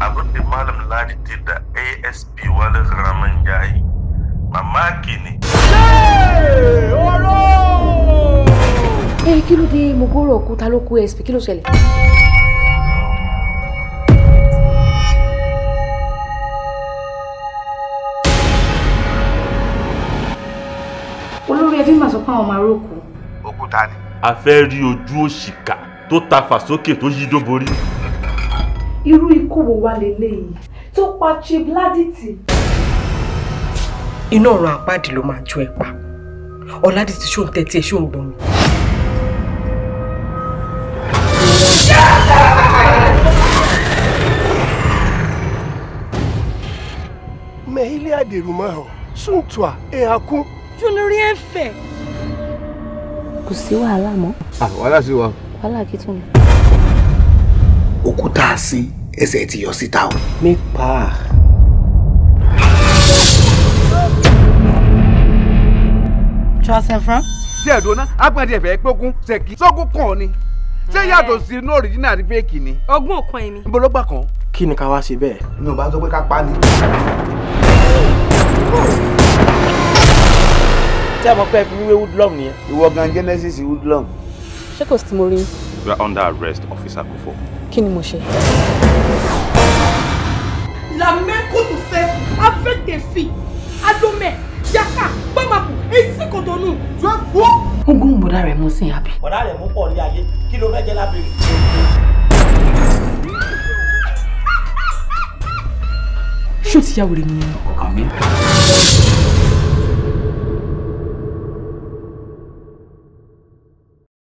abin da malam ladi da asp wani ramin ya mamaki ne ẹ eh, kí ló dé mo gbọ́rọ̀ òkúta lo kú asp kí ló ṣẹlẹ̀. olórí ẹbí mà sọ pé àwọn máa rókù. òkúta ni. a fẹ́ rí ojú òṣìkà tó ta fà sókè tó yí dóborí irú ikú wo wá leléyìí tó pa Chief Ládìtì. iná ọ̀run àpáàdì ló máa jó ẹ pa ọ̀làdìtì ṣó ń tẹ́tí ẹ ṣó ń gbọ́n mi. mehili adèrùmọ ọ súntùà ehakun. jùlọrí ẹ fẹ. kò sí wàhálà mọ́. Ah, wàhálà sí wa. wàhálà kí òkú tá a sin ẹsẹ̀ ti yọ síta o. mi pa. charles efron. díẹ̀ dona agbọ̀n díẹ̀ fẹ́ gbógun ṣèkì sógun kàn ọ́ ni ṣé yàtọ̀ sí inú òrìjínà àti fẹ́ẹ̀kì ni. ọgbọ́n kan ẹ̀mí. n bolo gbà kan. kí ni ká wá ṣe bẹ́ẹ̀. mi ò bá sọ pé ká pa ni. tí a mọ̀ pé ẹ fi wíwé woodlum nìyẹn. ìwọ gan genesis woodlum. ṣé kò sí mo rí i. You are under arrest, Officer Kufo. Kini ni La main qu'on te fait avec tes filles, Adomé, Jaka, Bamapo, et ici qu'on donne nous, tu as faux. Ogun Bọ̀dá rẹ̀ mú sí àbí. Bọ̀dá rẹ̀ mú pọ̀ ní ayé, kí ló fẹ́ jẹ́ lábẹ́rẹ́? Ṣé o ti ya wèrè nìyẹn? Ọkàn mi.